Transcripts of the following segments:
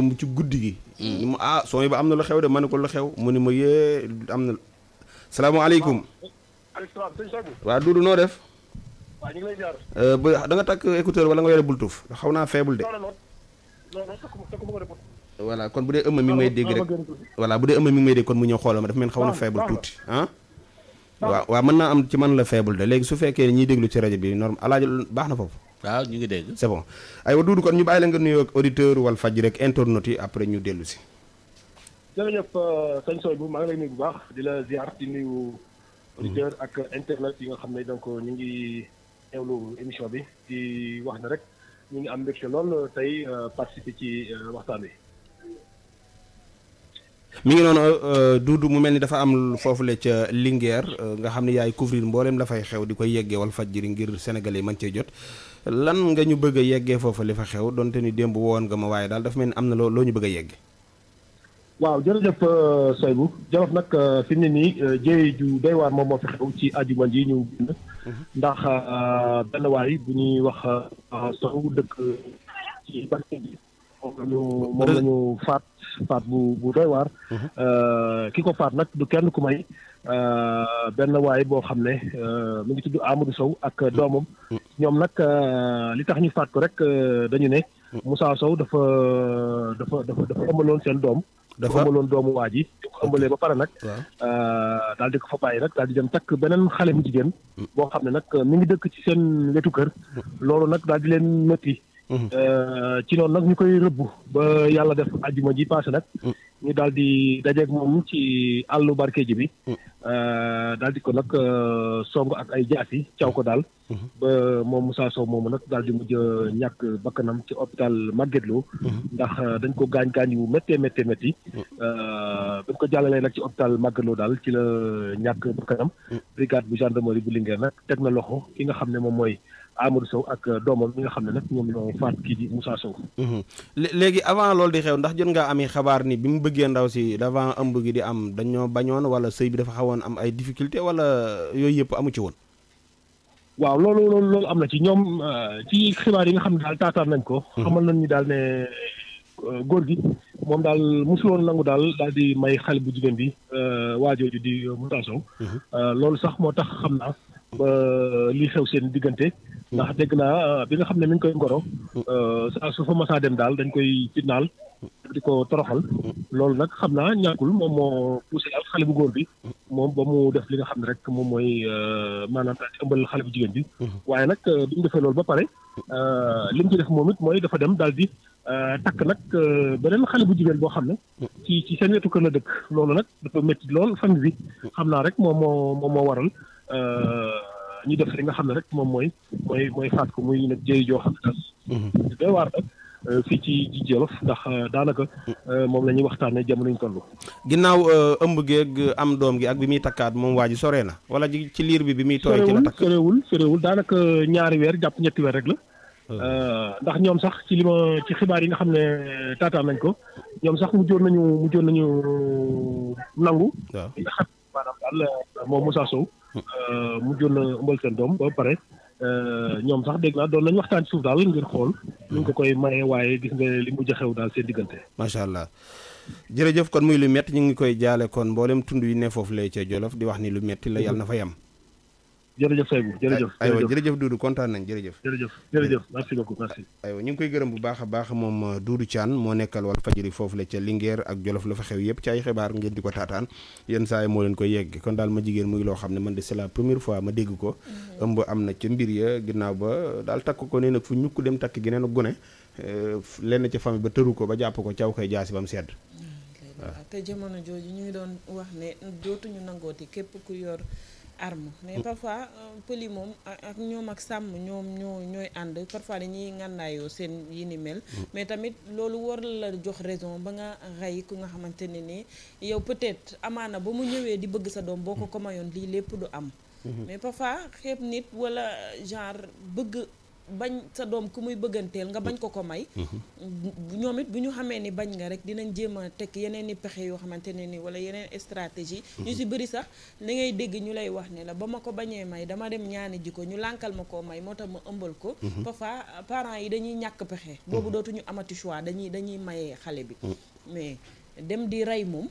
mu ci guddi gi mm. mu ah soo ba am na lu xew de ma ne ko lu xew mu ni ma yee am na salaamaaleykum waaw Doudou noo def euh, ba da nga takk écouteur wala nga yore bultuuf xaw naa faible de voilà kon bu dee ëmma mi ngi may dégg rek voilà bu dee ëmma mi may dégg kon mu ñëw xoolal ma dafa mel xaw na faible tuuti waa ah? waa mën naa am ci man la faible de léegi su fekkee ñuy déglu ci rajo bi normal alaaj baax na foofu waaw ñu ngi dégg. c'est bon aywa Doudou kon ñu bàyyi la nga nuyoo ak auditeur Walfadjri rek internautes yi après ñu dellu si. jërëjëf euh, sëñ Sow bu maa ngi lay nuyu bu baax di la ziar di nuyu. auditeur ak internet yi nga xam ne donc ñu ngi teewlu émission bi wax rek ñu ngi am mbégte lool tey euh, participer ci euh, waxtaan wi. mi ngi noonu Doudou mu mel ni dafa am foofule ca Linguère nga xam ne yaay couvrir mboolem la fay xew di koy yeggee Walfadjri ngir Sénégalais yi mën cee jot. lan nga ñu bëgg a yeggee foofa li fa xew donte ni démb woon nga ma waaye daal dafa mel ni am na loo loo ñu bëgg a waaw jërëjëf euh, Seydou Jolof nag euh, fi mu ne nii euh, jéey ju doy fi xew ci àjjuma ji ñu bind mhm. ndax benn waay bu ñuy wax sow dëkk ci barke bi moom lañu faat faat bu bu doy waar mhm. ki ko faat nag du kenn ku may benn waay boo xam ne mu ngi tudd Amadou Sow ak mhm. doomam ñoom nag euh, li tax ñu faat ko rek euh, dañu ne. Moussa Sow dafa dafa dafa dafa ëmbaloon seen doom. dafa ëmbaloon doomu waa ji. di ëmbalee ba pare nag. Euh, daal di ko fa bàyyi nag daal di dem takk beneen xale bu jigéen. Mm. boo xam ne nag mu ngi dëkk ci seen wetu kër. Mm. loolu nag daal di leen métti. Euh, ci noonu nag ñu koy rëbb ba yàlla def ajjuma ji passé nag. Mm. ñu daal di dajeeg moom ci àllu barke ji bi. Mm. Euh, daal di ko nag euh, song ak ay jaas yi caw ko daal. Mm-hmm. ba moom Moussa Sow moomu nag daal di mujj ñàkk bakkanam ci hôpital Magatte mm-hmm. ndax dañ ko gaañ gaañ yu méttee méttee métti. dañ mm. ko jàllalee nag ci hôpital Magatte daal ci la ñàkk bakkanam. brigade bu gendarmerie bu Linguère nag teg na loxo ki nga xam ne moom mooy. Amadou Sow ak euh, doomam bi nga xam ne nag ñoom ñoo faat kii di Moussa Sow. Mhm. léegi avant loolu di xew ndax jot ngaa amee xabaar ni bi mu bëggee ndaw si avant ëmb gi di am dañoo bañoon wala sëy bi dafa xawoon am ay difficulté wala euh, yooyu yëpp amu ci woon. waaw loolu loolu loolu am na ci ñoom euh, ci xibaar yi nga xam ne daal taataan nañ ko. Mhm. xamal nañ ñu daal ne góor gi moom daal mosul woon daal di may xale bu jigéen bi waajooju di Moussa mhm. loolu sax moo tax xam naa. ba li xew seen diggante. ndax dégg naa bi nga xam ne mi ngi koy ngoro. Euh, saa su fa masaa dem daal dañ koy fitnaal. di ko toroxal. loolu nag xam naa ñàkkul moom moo poussé ak xale bu góor bi. moom ba mu def li nga xam rek moom mooy euh, maanaam daal xale bu jigéen bi. waaye nag euh, bi mu defee loolu ba pare. li mu ci def moom it mooy dafa dem daal bi takk nag beneen xale bu jigéen boo xam ne. ci seen wetu kër la dëkk loolu nag dafa métti lool famille bi. xam naa rek moom moo moom moo waral. Euh, ñu def li nga xam ne rek moom mooy mooy mooy faat ko muy nag jëy a xam ne daal mhm. euh, ci ci ndax euh, daanaka moom la ñuy waxtaanee jamono ñu toll. ginnaaw ëmb geeg am doom gi ak bi muy takkaat moom waa ji soree na wala ci liir bi bi muy tooy ci la takk sorewul sorewul daanaka ñaari weer jàpp ñetti weer rek la. Oh. ndax ñoom sax ci li ma ci xibaar yi nga xam ne taataan nañ ko ñoom sax mujjoon nañu mujjoon nañu nangu. Euh, moom Moussa Sow. Euh, mujjoon na euh, ëmbal seen doom ba pare. ñoom sax dégg naa doon nañ waxtaan ci suuf daal ngir xool. ñu ngi ko koy maye waaye gis nga li mujj xew daal seen diggante. macha allah jërëjëf kon muy lu métti ñu ngi koy jaale kon mboolem tund yu ne foofu lay ca Jolof di wax ni lu métti la yàlla na fa yam jërëjëf Seydou jërëjëf aywa jërëjëf Doudou kontaan nañ jërëjëf jërëjëf jërëjëf merci beaucoup merci aywa ñu ngi koy gërëm bu baax a baax moom euh, Doudou Thiane moo nekkal wal fajiri foofu la ca Linguère ak Jolof la fa xew yëpp ci ay xibaar ngeen di ko taataan yenn saa yi moo leen koy yegg kon daal ma jigéen muy loo xam ne man de c'est la première fois ma dégg ko mm-hmm. ëmb am na ca mbir ya ginnaaw ba daal takk ko nee nag fu ñukk dem takk gi nee na gone euh, lenn ca famille ba tëru ko ba jàpp ko caw koy jaasi ba mu sedd waaw mm-hmm. te jamono jooju ñu ngi doon wax ne dootuñu nangooti képp ku yor arme mais mm. parfois euh, pëli moom ak ñoom ak sàmm ñoom ñoo ñooy ànd parfois dañuy ngànnaayoo seen yi ni mel mm. mais tamit loolu war la jox raison ba nga rey ku nga xamante ne ni yow peut-être amaana ba mu ñëwee di bëgg sa doom boo ko mm. ko mayoon lii lépp du am mm-hmm. mais parfois xeeb nit wala genre bëgg bañ sa doom ku muy bëgganteel nga bañ ko ko may mm-hmm. ñoom it bu ñu xamee ni bañ nga rek dinañ jéem a tekk yeneen i pexe yoo xamante ne ni wala yeneen stratégie mm-hmm. ñu si bëri sax li ngay dégg ñu lay wax ne la ba ma ko bañee may dama dem ñaani ji ko ñu lànkal ma koo may moo tax ma ëmbal ko mm-hmm. parfois parent yi dañuy ñàkk pexe boobu dootuñu amati choix dañuy dañuy maye xale bi mais dem di rey moom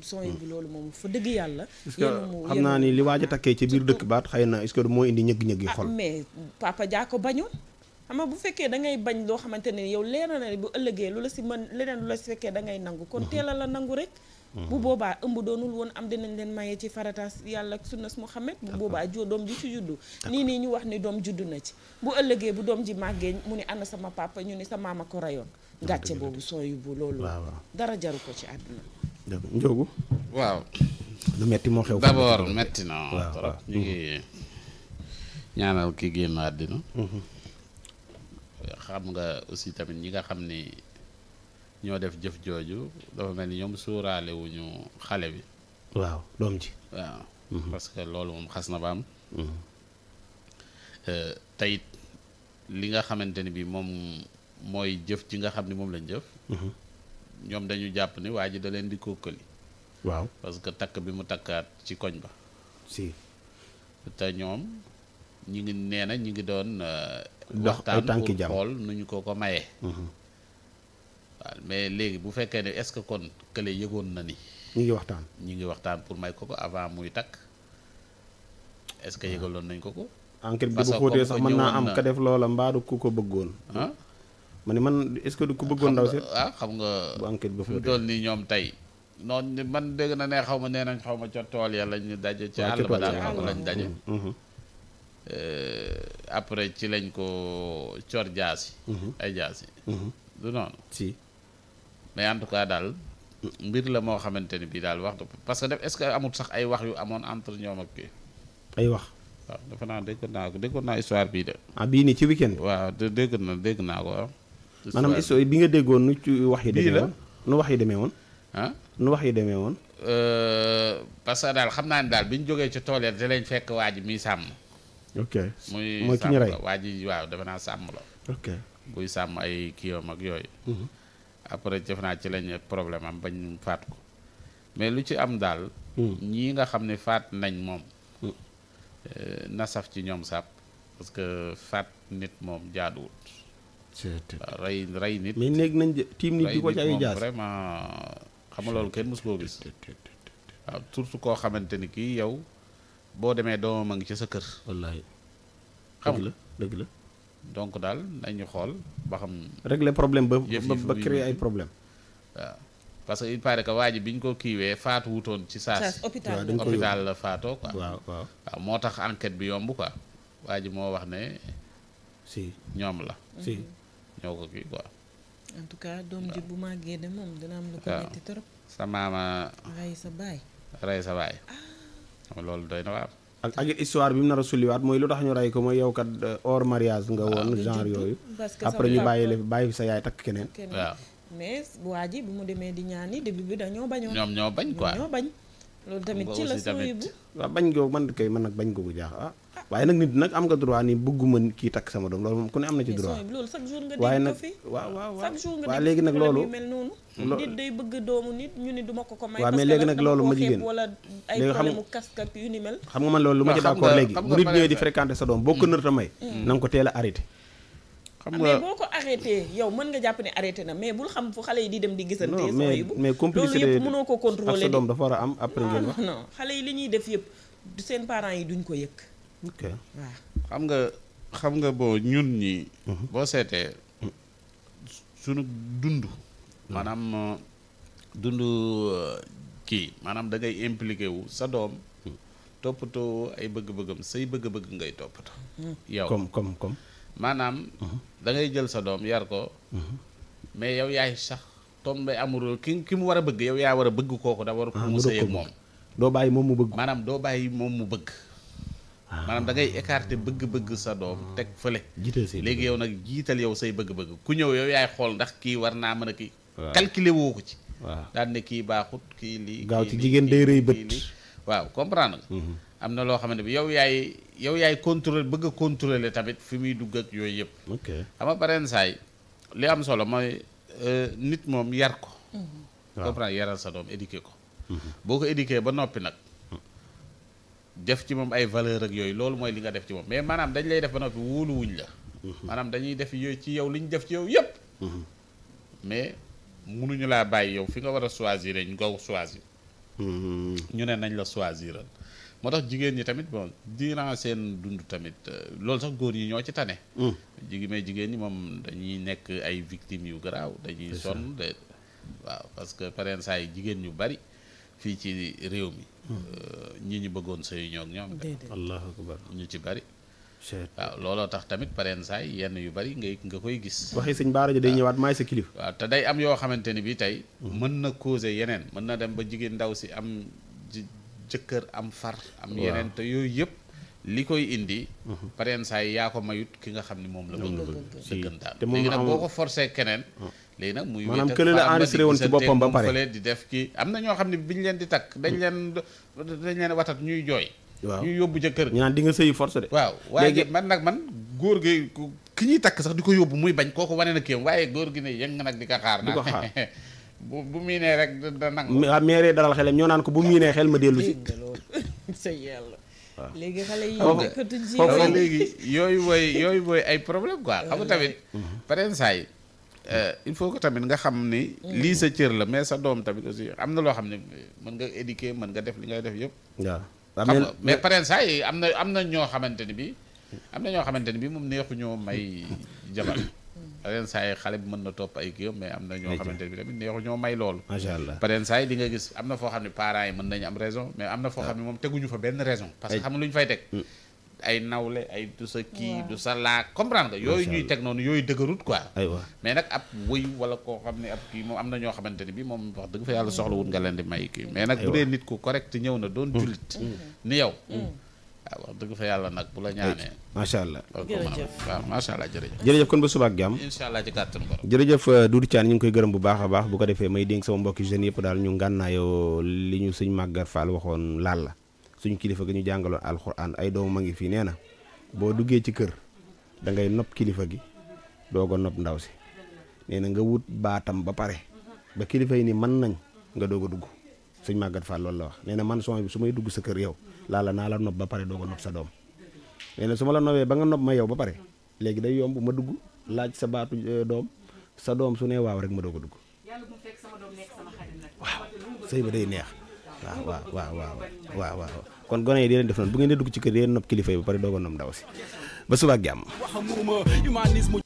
sooy bu loolu moom fa dëgg yàlla. yéen xam naa ni li waaj a takkee ci biir dëkk baat xay na est-ce que moo indi ñëg-ñëg yi ah, xol. mais papa jaa ko bañoon xam bu fekkee da ngay bañ loo xamante ne yow leer na ne bu ëllëgee lu si mën leneen la fekkee da ngay nangu kon mhm. teelal a la nangu rek. Mhm. bu boobaa ëmb doonul woon am dinañ leen maye ci farataas yàlla ak sunnas Muhammad bu boobaa joo doom ji ci juddu nii nii ñu wax ni doom juddu na ci bu ëllëgee bu doom ji màggee mu ne ànd sama papa ñu ni sa maama ko rayoon gàcce boobu sooy bu loolu dara jaru ko ci àdduna Ndiogou. waaw. lu metti moo xew. d'abord na trop ñu ngi ñaanal ki génn àddina. Mhm. xam nga aussi tamit ñi nga xam ni ñoo def jëf jooju dafa mel ni ñoom suuraale wuñu xale bi. waaw doom ji. waaw mhm. parce que loolu moom xas na ba am. Mhm. Euh, tey li nga xamante ni bi moom mooy jëf ji nga xam ni moom lañ jëf. ñoom dañu jàpp ni waa ji da leen di kókkali waaw parce que takk bi mu takkaat ci koñ ba si te ñoom ñi ngi nee na ñi ngi doon euh, waxtaan pour xool nu ñu ko ko mayee mhm. mais léegi bu fekkee ne est-ce que kon kële yëgoon na ni ñu ngi waxtaan ñi ngi waxtaan pour may ko ko avant muy takk est-ce que ah. yëgaloon nañ ko ko enquête bi bu xóotee sax mën naa am ka def loola mbaadu ku ko bëggoon ah ma ne man est-ce que du ko bëggoon ndaw si. ah xam nga bu enquête ba fa dool nii ñoom tey. noonu man dégg na ne xaw ma nee nañ xaw ma ca tool ya lañ daje. ci àll ba daal xaw ma lañ daje. Mm-hmm. Mm-hmm. Eh, après ci lañ ko cor jaasi. Mm-hmm. ay jaasi. du noonu. si mais en tout cas daal. mbir la moo xamante ni bii daal wax parce que def est-ce que amul sax ay wax yu amoon entre ñoom ak ay wax. waaw dafa naa dégg naa ko déggoon naa histoire bii de. ah bii nii ci week bi waaw dégg na dégg naa ko maanaam histoire bi nga déggoon nu ci wax yi demee woon nu wax yi demee woon ah nu wax yi demee woon euh, parce que daal xam naa ne daal bi ñu jógee ci tool yi da lañ fekk waa ji muy sàmm ok muy mooy ki ñu rey waa ji waaw defe naa sàmm la ok buy sàmm ay kiiwam ak yooyu mhm. après jëf naa ci lañ problème am bañ faat ko mais lu ci am daal hmm. ñi nga xam ne faat nañ moom hmm. euh, na saf ci ñoom sàpp parce que faat nit moom jaaduwut waaw rey rey nit. mais néeg nañ tiim nit di ko ci ay jaar vraiment xam nga loolu kenn mës koo gis. waaw surtout koo xamante ni kii yow boo demee doomam a ngi ca sa kër. wallaay xam la dëgg la. donc daal nañu xool ba xam. régler problème ba ba créer ay problème waaw parce que il paraît que waa bi ñu ko kiiwee faatu ci saa si. hôpital hôpital la faatoo quoi. waaw waaw waaw moo tax enquête bi yomb quoi. waa ji moo wax ne. si ñoom la. ñoo ko kii quoi. en tout cas doom ji bu màggee de moom dina am lu ko metti trop. sa maama. rey sa baay. rey sa baay. Ah. xam loolu doy na waaw. ak ak histoire bi mu nar a sulliwaat mooy lu tax ñu rey ko mooy yow kat euh, hors mariage nga ah, woon genre yooyu. après ñu bàyyi la bàyyi sa yaay takk keneen. waaw mais waa ji bu mu demee di ñaani début bi dañoo bañoon. ñoom ñoo bañ quoi ñoo bañ. loolu tamit ci la suy bu. waaw bañ googu man kay man nag bañ googu jaax ah. waaye nag nit nag am nga droit ni bëgguma kii takk sama doom loolu moom ku ne am na ci droit waaye nag waaw waaw waaw léegi nag loolu nit day bëgg doomu nit ñu ni duma ko ko may waaw mais léegi nag loolu ma jigéen wala ay problème casque ak yu ni mel xam nga man ma ci d'accord léegi bu nit ñëwee di fréquenter sa doom boo ko mm. nërta may mm. nga ko teel a ah, boo ko arrêté yow mën nga jàpp ne arrêté na mais bul xam fu xale yi di dem di gisante sama yóbbu mais complicité loolu yëpp mënoo ko contrôler ak sa doom dafa war a am après ngeen wax xale yi li ñuy def yëpp seen parents yi duñ ko yëkk ok xam nga xam nga boo ñun ñi mhm. boo seetee suñu dund mhm. maanaam euh, dund euh, kii maanaam dangay ngay impliqué wu sa doom mhm. toppatoo ay bëgg-bëggam say bëgg-bëgg ngay toppatoo yow comme comme maanaam dangay jël sa doom yar ko mais yow yaay sax tombé amoureux ki ki mu war a bëgg yow yaa war a bëgg kooku da war ko mu sëy ak moom doo bàyyi moom mu bëgg maanaam doo bàyyi moom mu bëgg maanaam da ngay écarter bëgg-bëgg sa doom teg fële léegi yow nag jiital yow say bëgg-bëgg ku ñëw yow yaay xool ndax kii war naa mën a kii calculer woo ko ci waaw daan ne kii baaxut kii lii gaaw ci jigéen day rëy bët waaw comprendre nga mhm. am na loo xamante bi yow yaay yow yaay contrôler bëgg a contrôler tamit fi muy dugg ak yooyu yëpp xam nga pareen saay li am solo mooy euh, nit moom yar ko mhm. comprendre yaral sa doom éduquer ko mhm. boo ko éduquer ba noppi nag def ci moom ay valeur ak yooyu loolu mooy li nga def ci moom mais maanaam dañ lay def ba noppi wóoluwuñ la mhm. maanaam dañuy def yooyu ci yow li ñu def ci yow yëpp mhm. mais mënuñu laa bàyyi yow fi nga war a choisir ñu nga choisir mhm. ñu ne nañ la choisiral moo tax jigéen ñi tamit bon durant seen dund tamit euh, loolu sax góor yi ñoo ci tane jigéen jigéen ñi moom dañuy nekk ay victimes yu garaaw dañuy sonn de waaw parce que parents saa yi jigéen ñu bari fii ci réew mi. Hmm. Euh, ñi ñu bëggoon sëyu ñoog ñoom. allahu akbar ñu ci bari. waaw looloo tax tamit pareen saay yenn yu bari ngay nga koy gis. waxi sëñ Baara ji day ñëwaat maay sa kilif. waaw te day am yoo xamante ni bii tey. Hmm. mën na causer yeneen. mën na dem ba jigéen ndaw si am jëkkër am far. am yeneen te yooyu yëpp. li koy indi. Hmm. pareen yaa ko mayut ki nga xam ni moom la. bëgg dëggantaan léegi nag boo ko forcer keneen. léegi nag muy maanaam kële la enregistré woon ci boppam ba pare di def ki am na ñoo xam ne bi biñ leen di takk dañ leen dañ leen watat ñuy jooy waaw ñuy yóbbu ca kër ñu naan di nga sëyi force de waaw waaye man nag man góor gi ki ñuy takk sax di ko yóbbu muy bañ kooku wane na kéem waaye góor gi ne yëng nag di ko xaar naa di ko xaar bu bu miinee rek da nangu waaw ah, meeree dalal xelam ñoo naan ko bu miinee xel ma dellu si sëy yàlla waaw léegi xale yi nekkatuñ si foofu léegi yooyu mooy yooyu mooy ay problème quoi xam nga tamit pareen saa yi Euh, il faut que tamit nga xam ni. Mm. lii sa cër la mais sa doom tamit aussi am na loo xam ne mën nga éduquer mën nga def ngay def yëpp. waaw xam nga mais parents saa yi am na am na ñoo xamante ni bi am na ñoo xamante ni bi moom neexuñoo may jabar. parents am na ñoo xamante ni bi tamit neexuñoo may loolu. macha allah parents saa yi di nga gis am na foo xam ne parents am raison mais am na foo xam ne moom teguñu fa benn raison. parce que xam nga lu fay teg. Mm. ay nawle ay du sa kii du sa laa comprendre nga yooyu ñuy teg noonu yooyu dëgërut quoi mais nag ab wëy wala koo xam ne ab kii moom am na ñoo xamante ni bi moom wax dëgg fa yàlla mm. soxla wut nga leen di may kii mais nag bu dee nit ku correct na doon mm. jullit mm. yow ah, dëgg fa yàlla nag bu la ñaanee macha allah waaw macha allah jërëjëf kon ba suba ak jàmm incha allah ci kàttan borom jërëjëf euh, Doudou Thiane ñu ngi koy gërëm bu baax a baax bu ko defee may dénk sama mbokki jeunes yëpp daal ñu ngànnaayoo li ñu sëñ Maguette Fall waxoon laal la suñ kilifa gi ñu jàngaloon alxuraan ay doom a ngi fii neena boo duggee ci kër dangay ngay nopp kilifa gi doog a nopp ndaw si nee na nga wut baatam ba pare ba kilifa yi ni mën nañ nga doog a dugg suñ màggat Fall loolu la wax nee na man son bi su may dugg sa kër yow laa la naa la nopp ba pare doog a nopp sa doom nee na su ma la nobee ba nga nopp ma yow ba pare léegi day yomb ma dugg laaj sa baatu euh, doom sa doom su nee waaw rek ma doog a dugg waaw sëy ba day neex waaw waaw waaw waa waaw kon gone yi di leen def noonu bu ngeen di dugg ci kër yi yéen nopp kilifa yi ba pare doogoon noom ndaw si ba suba ak jàmm